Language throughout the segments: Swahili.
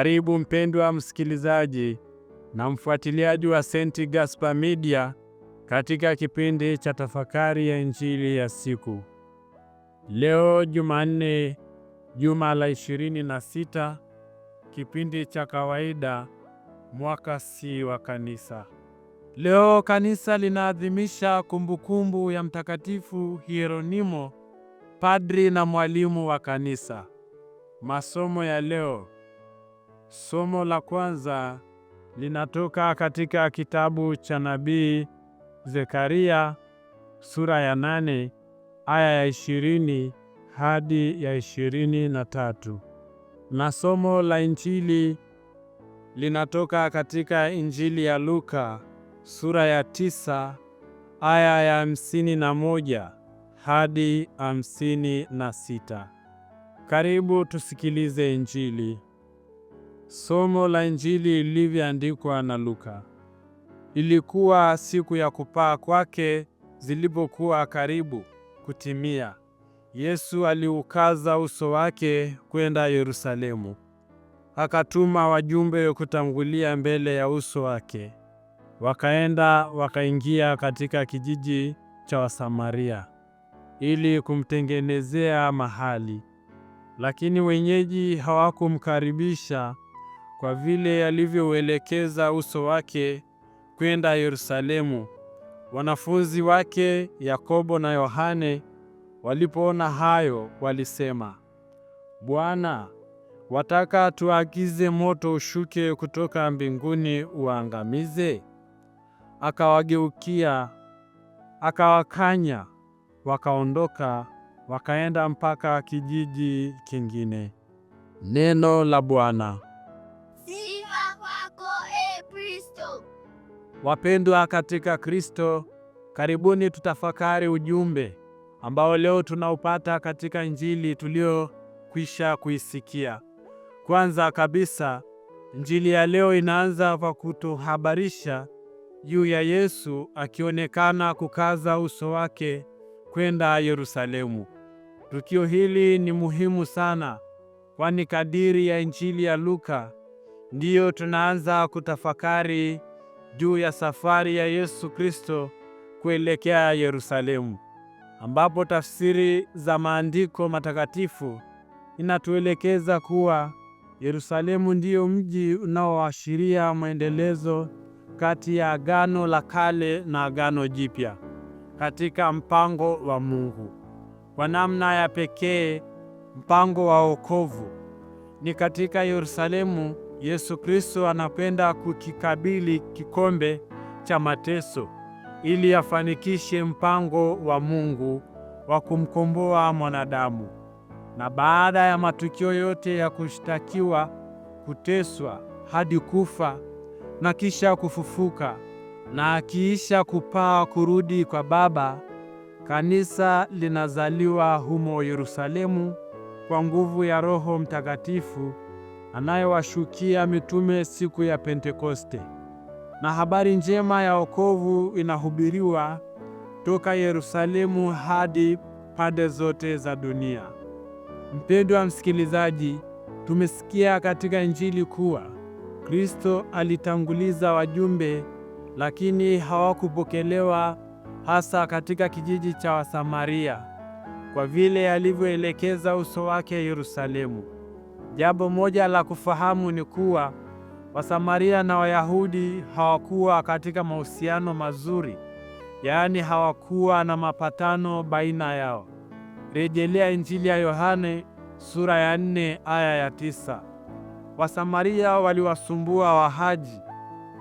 Karibu mpendwa msikilizaji na mfuatiliaji wa St. Gaspar Media katika kipindi cha tafakari ya Injili ya siku. Leo Jumanne, juma la 26 kipindi cha kawaida, mwaka C wa Kanisa. Leo kanisa linaadhimisha kumbukumbu ya Mtakatifu Hieronimo, padri na mwalimu wa kanisa. Masomo ya leo Somo la kwanza linatoka katika kitabu cha nabii Zekaria sura ya nane aya ya ishirini hadi ya ishirini na tatu na somo la injili linatoka katika injili ya Luka sura ya tisa aya ya hamsini na moja hadi hamsini na sita. Karibu tusikilize injili. Somo la Injili lilivyoandikwa na Luka. Ilikuwa siku ya kupaa kwake, zilipokuwa karibu kutimia, Yesu aliukaza uso wake kwenda Yerusalemu. Akatuma wajumbe kutangulia mbele ya uso wake. Wakaenda wakaingia katika kijiji cha Wasamaria ili kumtengenezea mahali, lakini wenyeji hawakumkaribisha kwa vile alivyouelekeza uso wake kwenda Yerusalemu. Wanafunzi wake Yakobo na Yohane walipoona hayo, walisema, Bwana, wataka tuagize moto ushuke kutoka mbinguni uangamize? Akawageukia, akawakanya, wakaondoka, wakaenda mpaka kijiji kingine. Neno la Bwana. Sifa kwako e ee Kristo. Wapendwa katika Kristo, karibuni tutafakari ujumbe ambao leo tunaupata katika Injili tuliyokwisha kuisikia. Kwanza kabisa, Injili ya leo inaanza kwa kutuhabarisha juu ya Yesu akionekana kukaza uso wake kwenda Yerusalemu. Tukio hili ni muhimu sana, kwani kadiri ya Injili ya Luka ndiyo tunaanza kutafakari juu ya safari ya Yesu Kristo kuelekea Yerusalemu, ambapo tafsiri za maandiko matakatifu inatuelekeza kuwa Yerusalemu ndiyo mji unaoashiria maendelezo kati ya Agano la Kale na Agano Jipya katika mpango wa Mungu. Kwa namna ya pekee, mpango wa wokovu ni katika Yerusalemu Yesu Kristo anapenda kukikabili kikombe cha mateso ili afanikishe mpango wa Mungu wa kumkomboa mwanadamu. Na baada ya matukio yote ya kushtakiwa, kuteswa hadi kufa na kisha kufufuka na akiisha kupaa kurudi kwa Baba, kanisa linazaliwa humo Yerusalemu kwa nguvu ya Roho Mtakatifu anayewashukia mitume siku ya Pentekoste, na habari njema ya wokovu inahubiriwa toka Yerusalemu hadi pande zote za dunia. Mpendwa msikilizaji, tumesikia katika Injili kuwa Kristo alitanguliza wajumbe, lakini hawakupokelewa hasa katika kijiji cha Wasamaria kwa vile alivyoelekeza uso wake Yerusalemu. Jambo moja la kufahamu ni kuwa Wasamaria na Wayahudi hawakuwa katika mahusiano mazuri, yaani hawakuwa na mapatano baina yao. Rejelea Injili ya Yohane sura ya nne aya ya tisa. Wasamaria waliwasumbua wahaji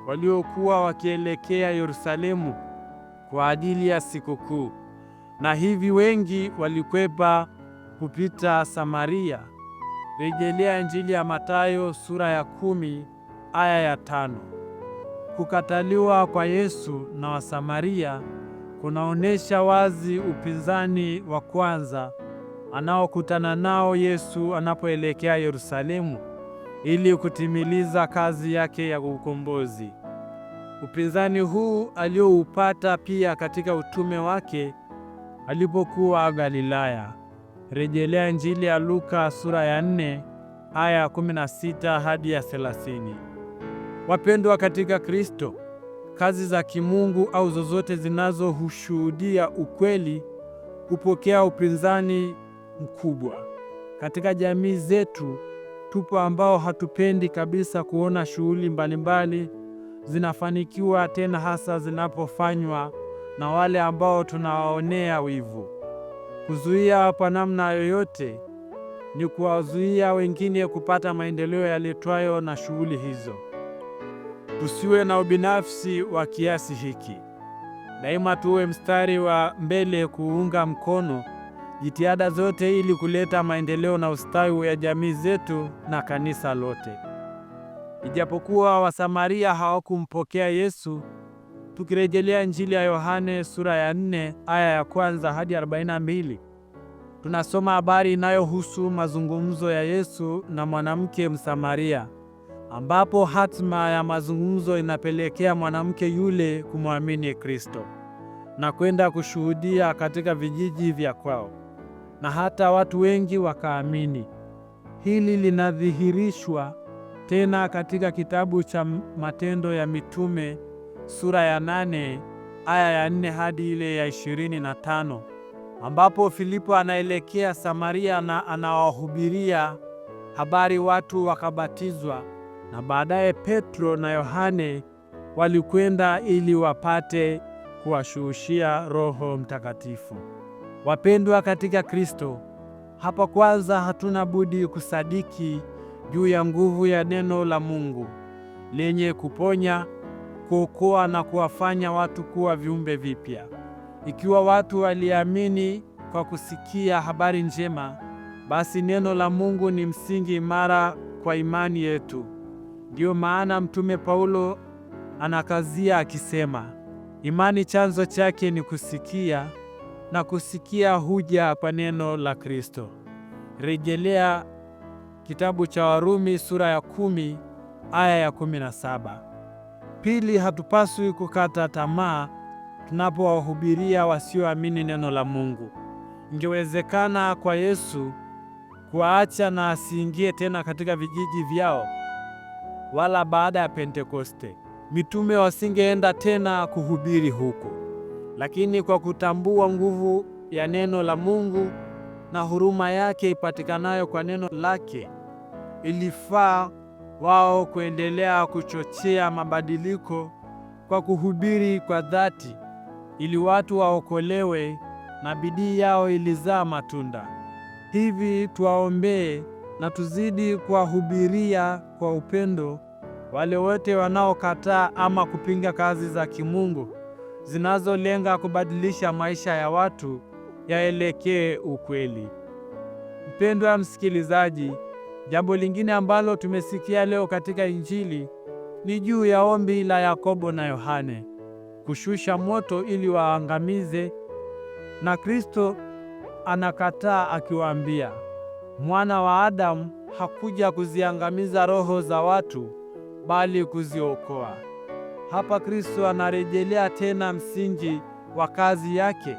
waliokuwa wakielekea Yerusalemu kwa ajili ya sikukuu, na hivi wengi walikwepa kupita Samaria. Rejelea Injili ya Mathayo sura ya kumi aya ya tano. Kukataliwa kwa Yesu na Wasamaria kunaonesha wazi upinzani wa kwanza anaokutana nao Yesu anapoelekea Yerusalemu ili kutimiliza kazi yake ya ukombozi. Upinzani huu alioupata pia katika utume wake alipokuwa Galilaya. Rejelea Injili ya Luka sura ya 4 aya ya 16 hadi ya 30. Wapendwa katika Kristo, kazi za kimungu au zozote zinazohushuhudia ukweli hupokea upinzani mkubwa. Katika jamii zetu tupo ambao hatupendi kabisa kuona shughuli mbalimbali zinafanikiwa, tena hasa zinapofanywa na wale ambao tunawaonea wivu. Kuzuia kwa namna yoyote ni kuwazuia wengine kupata maendeleo yaletwayo na shughuli hizo. Tusiwe na ubinafsi wa kiasi hiki. Daima tuwe mstari wa mbele kuunga mkono jitihada zote ili kuleta maendeleo na ustawi ya jamii zetu na kanisa lote. Ijapokuwa Wasamaria hawakumpokea Yesu, tukirejelea Injili ya Yohane sura ya 4 aya ya kwanza hadi 42, tunasoma habari inayohusu mazungumzo ya Yesu na mwanamke Msamaria, ambapo hatima ya mazungumzo inapelekea mwanamke yule kumwamini Kristo na kwenda kushuhudia katika vijiji vya kwao na hata watu wengi wakaamini. Hili linadhihirishwa tena katika kitabu cha Matendo ya Mitume sura ya nane aya ya nne hadi ile ya ishirini na tano ambapo Filipo anaelekea Samaria na anawahubiria habari, watu wakabatizwa, na baadaye Petro na Yohane walikwenda ili wapate kuwashuhushia Roho Mtakatifu. Wapendwa katika Kristo, hapa kwanza hatuna budi kusadiki juu ya nguvu ya neno la Mungu lenye kuponya kuokoa na kuwafanya watu kuwa viumbe vipya. Ikiwa watu waliamini kwa kusikia habari njema, basi neno la Mungu ni msingi imara kwa imani yetu. Ndiyo maana Mtume Paulo anakazia akisema, imani chanzo chake ni kusikia na kusikia huja kwa neno la Kristo. Rejelea kitabu cha Warumi sura ya kumi aya ya kumi na saba. Pili, hatupaswi kukata tamaa tunapowahubiria wasioamini neno la Mungu. Ingewezekana kwa Yesu kuwaacha na asiingie tena katika vijiji vyao, wala baada ya Pentekoste mitume wasingeenda tena kuhubiri huko, lakini kwa kutambua nguvu ya neno la Mungu na huruma yake ipatikanayo kwa neno lake ilifaa wao kuendelea kuchochea mabadiliko kwa kuhubiri kwa dhati, ili watu waokolewe na bidii yao ilizaa matunda. Hivi tuwaombee na tuzidi kuwahubiria kwa upendo wale wote wanaokataa ama kupinga kazi za kimungu zinazolenga kubadilisha maisha ya watu yaelekee ukweli. Mpendwa msikilizaji, Jambo lingine ambalo tumesikia leo katika Injili ni juu ya ombi la Yakobo na Yohane kushusha moto ili waangamize, na Kristo anakataa akiwaambia, mwana wa Adamu hakuja kuziangamiza roho za watu bali kuziokoa. Hapa Kristo anarejelea tena msingi wa kazi yake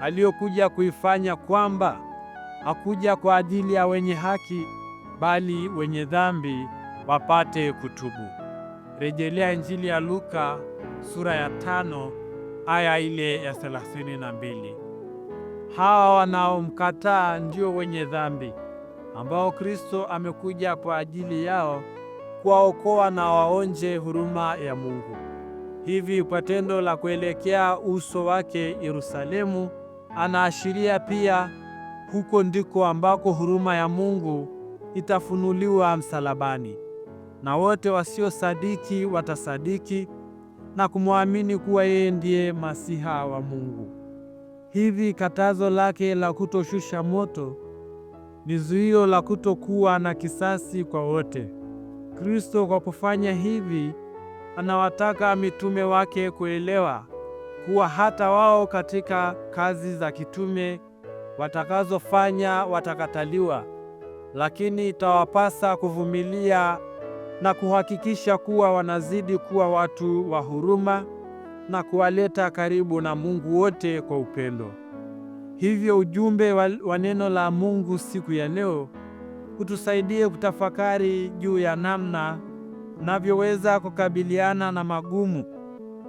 aliyokuja kuifanya, kwamba hakuja kwa ajili ya wenye haki bali wenye dhambi wapate kutubu. Rejelea Injili ya Luka sura ya tano aya ile ya thelathini na mbili. Hawa wanaomkataa ndio wenye dhambi ambao Kristo amekuja kwa ajili yao kuwaokoa na waonje huruma ya Mungu. Hivi kwa tendo la kuelekea uso wake Yerusalemu, anaashiria pia huko ndiko ambako huruma ya Mungu itafunuliwa msalabani, na wote wasiosadiki watasadiki na kumwamini kuwa yeye ndiye masiha wa Mungu. Hivi katazo lake la kutoshusha moto ni zuio la kutokuwa na kisasi kwa wote. Kristo kwa kufanya hivi anawataka mitume wake kuelewa kuwa hata wao katika kazi za kitume watakazofanya watakataliwa lakini itawapasa kuvumilia na kuhakikisha kuwa wanazidi kuwa watu wa huruma na kuwaleta karibu na Mungu wote kwa upendo. Hivyo ujumbe wa neno la Mungu siku ya leo utusaidie kutafakari juu ya namna tunavyoweza kukabiliana na magumu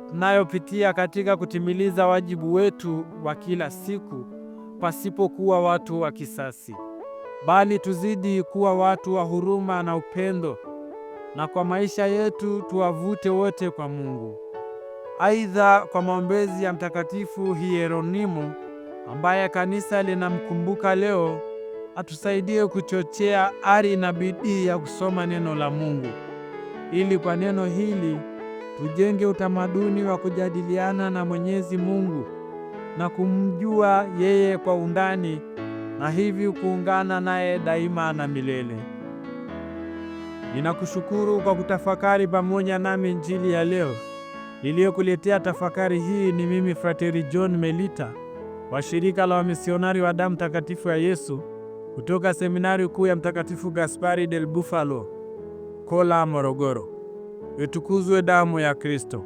tunayopitia katika kutimiliza wajibu wetu wa kila siku pasipokuwa watu wa kisasi bali tuzidi kuwa watu wa huruma na upendo, na kwa maisha yetu tuwavute wote kwa Mungu. Aidha, kwa maombezi ya Mtakatifu Hieronimo ambaye kanisa linamkumbuka leo, atusaidie kuchochea ari na bidii ya kusoma neno la Mungu ili kwa neno hili tujenge utamaduni wa kujadiliana na Mwenyezi Mungu na kumjua yeye kwa undani na hivi kuungana naye daima na milele. Ninakushukuru kwa kutafakari pamoja nami Injili ya leo. Niliyokuletea tafakari hii ni mimi Frateri John Melita wa shirika la wamisionari wa damu takatifu ya Yesu kutoka seminari kuu ya Mtakatifu Gaspari del Bufalo, Kola, Morogoro. Itukuzwe damu ya Kristo!